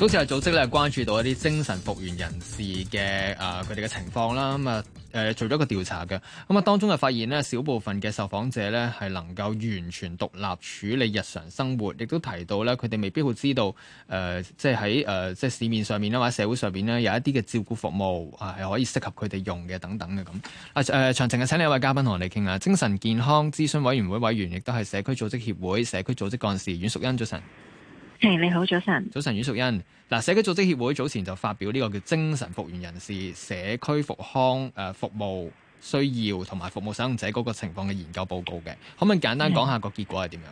組織咧，組織咧關注到一啲精神復元人士嘅誒，佢哋嘅情況啦，咁啊誒做咗個調查嘅，咁、嗯、啊當中就發現呢少部分嘅受訪者呢係能夠完全獨立處理日常生活，亦都提到咧，佢哋未必會知道誒、呃，即係喺誒，即係市面上面啦，或者社會上面呢，有一啲嘅照顧服務係、啊、可以適合佢哋用嘅等等嘅咁。啊誒，詳、呃、情啊，請另一位嘉賓同我哋傾下精神健康諮詢委員會委員，亦都係社區組織協會社區組織幹事阮淑茵，早晨。你好，早晨，早晨，阮淑茵。嗱，社區組織協會早前就發表呢個叫精神復元人士社區復康誒服務需要同埋服務使用者嗰個情況嘅研究報告嘅，可唔可以簡單講下個的結果係點樣？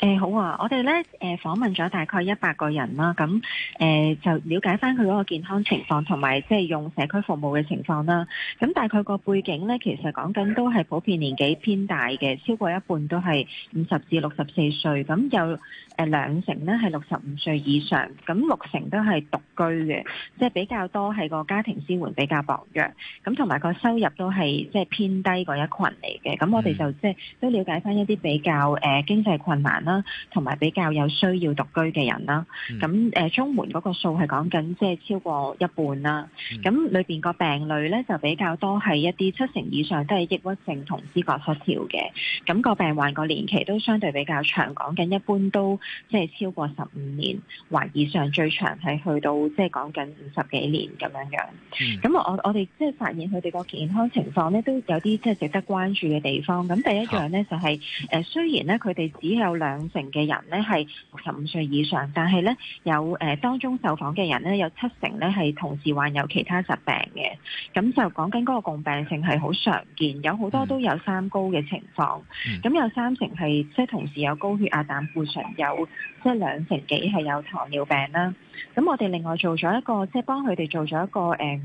誒、欸、好啊，我哋咧誒訪問咗大概一百個人啦，咁、啊、誒、呃、就了解翻佢嗰個健康情況同埋即係用社區服務嘅情況啦。咁大概個背景咧，其實講緊都係普遍年紀偏大嘅，超過一半都係五十至六十四歲，咁、啊、有誒兩、呃、成咧係六十五歲以上，咁、啊、六成都係獨居嘅，即、就、係、是、比較多係個家庭支援比較薄弱，咁同埋個收入都係即係偏低嗰一群嚟嘅。咁我哋就即係、嗯、都了解翻一啲比較誒、呃、經濟困難。難啦，同埋比較有需要獨居嘅人啦。咁誒、嗯嗯、中門嗰個數係講緊即係超過一半啦。咁裏邊個病類咧就比較多係一啲七成以上都係抑鬱症同思覺失調嘅。咁、嗰個病患個年期都相對比較長，講緊一般都即係超過十五年或以上，最長係去到即係講緊五十幾年咁樣、嗯、樣。咁、嗯、我我哋即係發現佢哋個健康情況咧都有啲即係值得關注嘅地方。咁第一樣咧就係誒雖然咧佢哋只有兩成嘅人咧係六十五歲以上，但係咧有誒、呃、當中受訪嘅人咧有七成咧係同時患有其他疾病嘅，咁就講緊嗰個共病性係好常見，有好多都有三高嘅情況，咁、嗯、有三成係即係同時有高血壓、膽固醇，有即係兩成幾係有糖尿病啦。咁我哋另外做咗一個即係幫佢哋做咗一個誒、呃、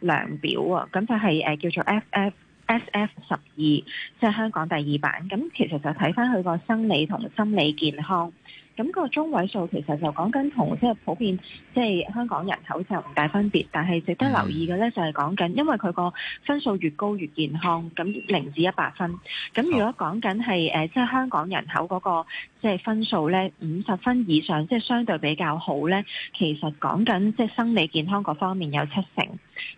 量表啊，咁就係、是、誒、呃、叫做 FF。S.F. 十二即係香港第二版。咁其實就睇返佢個生理同心理健康。咁個中位數其實就講緊同即係普遍即係香港人口就唔大分別，但係值得留意嘅咧就係講緊，因為佢個分數越高越健康。咁零至一百分，咁如果講緊係誒即係香港人口嗰個即係分數咧五十分以上，即係相對比較好咧。其實講緊即係生理健康嗰方面有七成。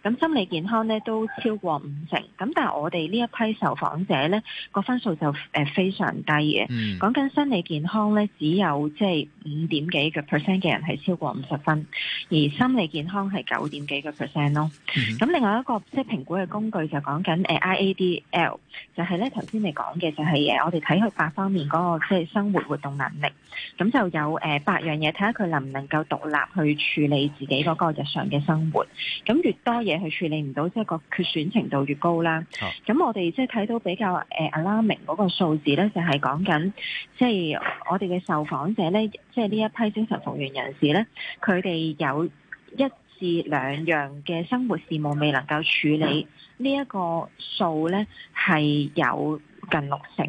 咁心理健康咧都超過五成，咁但係我哋呢一批受訪者咧，個分數就誒非常低嘅。講緊、mm hmm。心理健康咧只有即係五點幾個 percent 嘅人係超過五十分，而心理健康係九點幾個 percent 咯。咁、mm hmm。另外一個即係評估嘅工具就講緊誒 IADL，就係咧頭先你講嘅，就係誒我哋睇佢八方面嗰個即係生活活動能力，咁就有誒八樣嘢睇下佢能唔能夠獨立去處理自己嗰個日常嘅生活，咁越多。嘢、嗯、去處理唔到，即、就、係、是、個缺損程度越高啦。咁 我哋即係睇到比較誒 alarming 嗰個數字咧，就係講緊即係我哋嘅受訪者咧，即係呢一批精神復元人士咧，佢哋有一至兩樣嘅生活事務未能夠處理。呢一、嗯、個數咧係有近六成，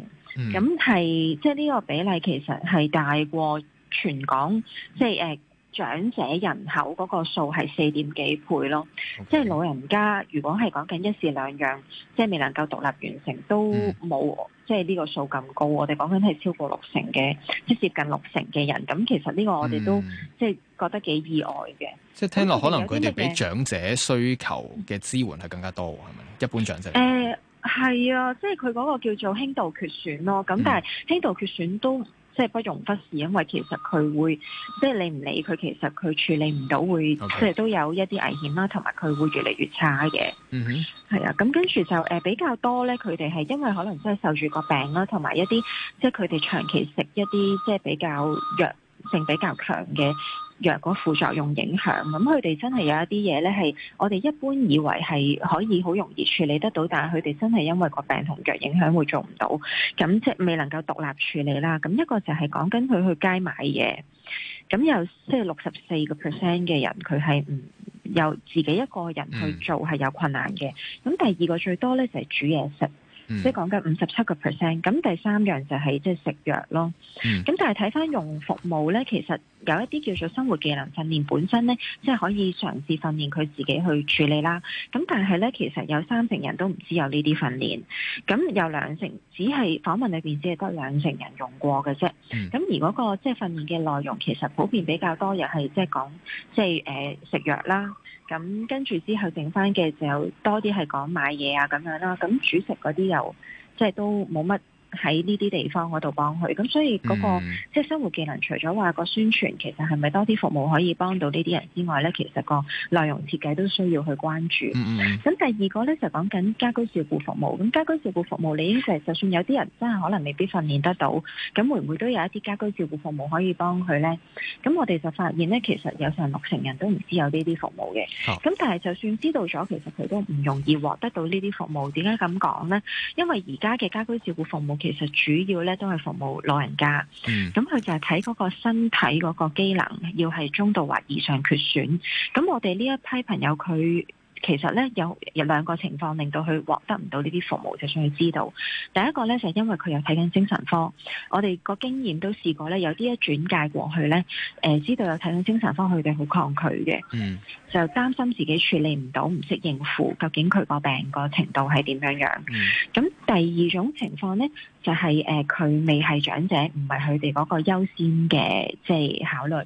咁係即係呢個比例其實係大過全港，即係誒。呃長者人口嗰個數係四點幾倍咯，即係 Okay. 老人家如果係講緊一事兩樣，即係未能夠獨立完成，都冇、嗯、即係呢個數咁高。我哋講緊係超過六成嘅，即接近六成嘅人。咁其實呢個我哋都即係覺得幾意外嘅。即係、嗯、聽落可能佢哋比長者需求嘅支援係更加多，係咪、嗯？一般長者？誒係、呃、啊，即係佢嗰個叫做輕度缺損咯。咁但係輕度缺損都，嗯即係不容忽視，因為其實佢會，即係你唔理佢，其實佢處理唔到，會 Okay. 即係都有一啲危險啦，同埋佢會越嚟越差嘅。嗯、mm，係、hmm. 啊，咁跟住就誒、呃、比較多咧，佢哋係因為可能真係受住個病啦，同埋一啲即係佢哋長期食一啲即係比較藥性比較強嘅。Mm hmm. 藥個副作用影響，咁佢哋真係有一啲嘢呢，係我哋一般以為係可以好容易處理得到，但係佢哋真係因為個病同藥影響會做唔到，咁即未能夠獨立處理啦。咁一個就係講緊佢去街買嘢，咁有即係六十四個 percent 嘅人，佢係唔由自己一個人去做係有困難嘅。咁第二個最多呢，就係煮嘢食。嗯、即係講緊五十七個 percent，咁第三樣就係即係食藥咯。咁、嗯、但係睇返用服務咧，其實有一啲叫做生活技能訓練本身咧，即係可以嘗試訓練佢自己去處理啦。咁但係咧，其實有三成人都唔知有呢啲訓練，咁有兩成只係訪問裏邊只係得兩成人用過嘅啫。咁、嗯、而嗰個即係訓練嘅內容，其實普遍比較多，就係，又係即係講即係誒、呃、食藥啦。咁跟住之後，剩翻嘅就多啲係講買嘢啊，咁樣啦。咁煮食嗰啲又即係都冇乜。喺呢啲地方嗰度幫佢，咁所以嗰、嗰個、嗯、即係生活技能，除咗話個宣傳其實係咪多啲服務可以幫到呢啲人之外咧，其實個內容設計都需要去關注。咁、嗯嗯、第二個咧就講緊家居照顧服務，咁家居照顧服務你咧就就算有啲人真係可能未必訓練得到，咁會唔會都有一啲家居照顧服務可以幫佢咧？咁我哋就發現咧，其實有成六成人都唔知有呢啲服務嘅。咁、哦、但係就算知道咗，其實佢都唔容易獲得到呢啲服務，點解咁講咧？因為而家嘅家居照顧服務。嗯、其實主要咧都係服務老人家，咁佢就係睇嗰個身體嗰個機能，要係中度或以上缺損。咁我哋呢一批朋友，佢其實咧有有兩個情況，令到佢獲得唔到呢啲服務，就想佢知道。第一個咧就係、是、因為佢有睇緊精神科，我哋個經驗都試過咧，有啲一轉介過去咧，誒、呃，知道有睇緊精神科，佢哋好抗拒嘅，嗯、就擔心自己處理唔到，唔識應付，究竟佢個病個程度係點樣樣，咁、嗯。第二種情況咧，就係誒佢未係長者，唔係佢哋嗰個優先嘅即係考慮。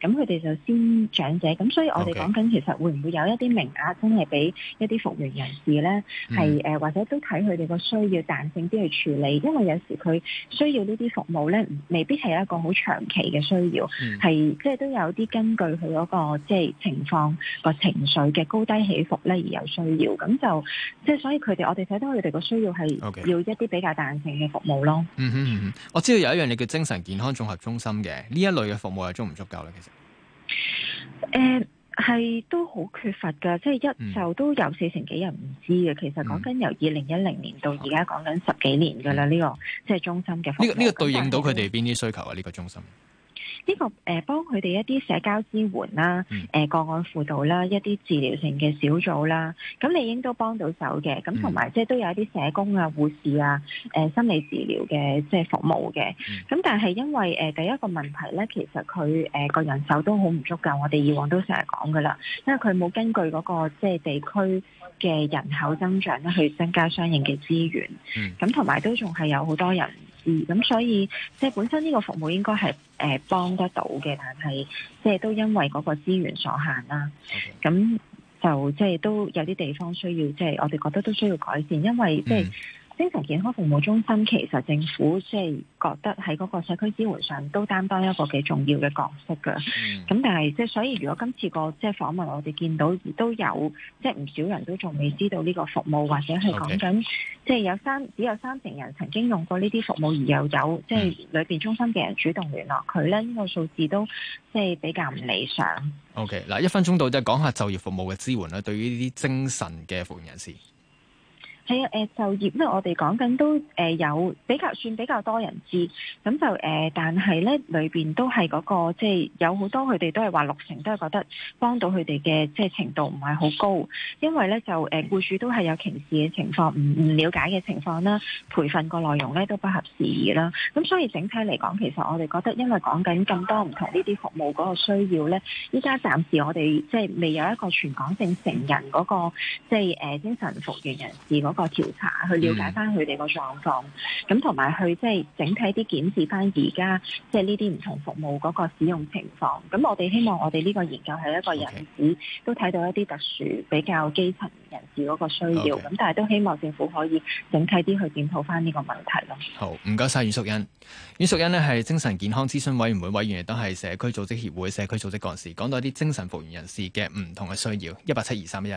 咁佢哋就先長者。咁所以我哋講緊其實會唔會有一啲名額真係俾一啲復元人士咧？係誒、嗯呃，或者都睇佢哋個需要彈性啲去處理。因為有時佢需要呢啲服務咧，未必係一個好長期嘅需要，係即係都有啲根據佢嗰、那個即係、就是、情況個情緒嘅高低起伏咧而有需要。咁就即係、就是、所以佢哋我哋睇到佢哋個需要係。Okay. 要一啲比較彈性嘅服務咯。嗯哼，嗯哼，我知道有一樣嘢叫精神健康綜合中心嘅，呢一類嘅服務係足唔足夠咧？其實、呃，誒係都好缺乏噶，即係一就、嗯、都有四成幾人唔知嘅。其實講緊由二零一零年到而家講緊十幾年噶啦，呢、嗯這個即係、就是、中心嘅。呢、這個呢、這個對應到佢哋邊啲需求啊？呢、這個中心。呢、這個誒幫佢哋一啲社交支援啦，誒個案輔導啦，一啲治療性嘅小組啦，咁你應該都幫到手嘅。咁同埋即係都有一啲社工啊、護士啊、誒、呃、心理治療嘅即係服務嘅。咁、mm. 但係因為誒、呃、第一個問題咧，其實佢誒個人手都好唔足夠，我哋以往都成日講㗎喇，因為佢冇根據嗰、那個即係、就是、地區嘅人口增長咧去增加相應嘅資源。嗯。咁同埋都仲係有好多人。咁所以即係本身呢個服務應該係誒幫得到嘅，但係即係都因為嗰個資源所限啦。咁 Okay. 就即係都有啲地方需要，即係我哋覺得都需要改善，因為即係。Mm. 精神健康服務中心其實政府即係覺得喺嗰個社區支援上都擔當一個幾重要嘅角色㗎。咁、嗯、但係即係所以，如果今次個即係訪問我哋見到亦都有即係唔少人都仲未知道呢個服務或者係講緊即係有三 Okay. 只有三成人曾經用過呢啲服務而又有即係裏邊中心嘅人主動聯絡佢咧，呢、嗯、個數字都即係比較唔理想。OK，嗱一分鐘到即係講下就業服務嘅支援啦，對於呢啲精神嘅服務人士。係啊，誒就業，因為我哋講緊都誒有比較算比較多人知，咁就誒、呃，但係咧裏邊都係嗰、那個即係有好多佢哋都係話六成都係覺得幫到佢哋嘅即係程度唔係好高，因為咧就誒僱主都係有歧視嘅情況，唔唔瞭解嘅情況啦，培訓個內容咧都不合時宜啦，咁所以整體嚟講，其實我哋覺得因為講緊咁多唔同呢啲服務嗰個需要咧，依家暫時我哋即係未有一個全港性成人嗰、那個即係誒精神復元人士個調查去了解翻佢哋個狀況，咁同埋去即係整體啲檢視翻而家即係呢啲唔同服務嗰個使用情況。咁、嗯、我哋希望我哋呢個研究係一個引子，Okay. 都睇到一啲特殊比較基層人士嗰個需要。咁 Okay. 但係都希望政府可以整體啲去檢討翻呢個問題咯。好，唔該晒，阮淑茵。阮淑茵呢係精神健康諮詢委員會委員，亦都係社區組織協會社區組織幹事，講到一啲精神復原人士嘅唔同嘅需要。一八七二三一。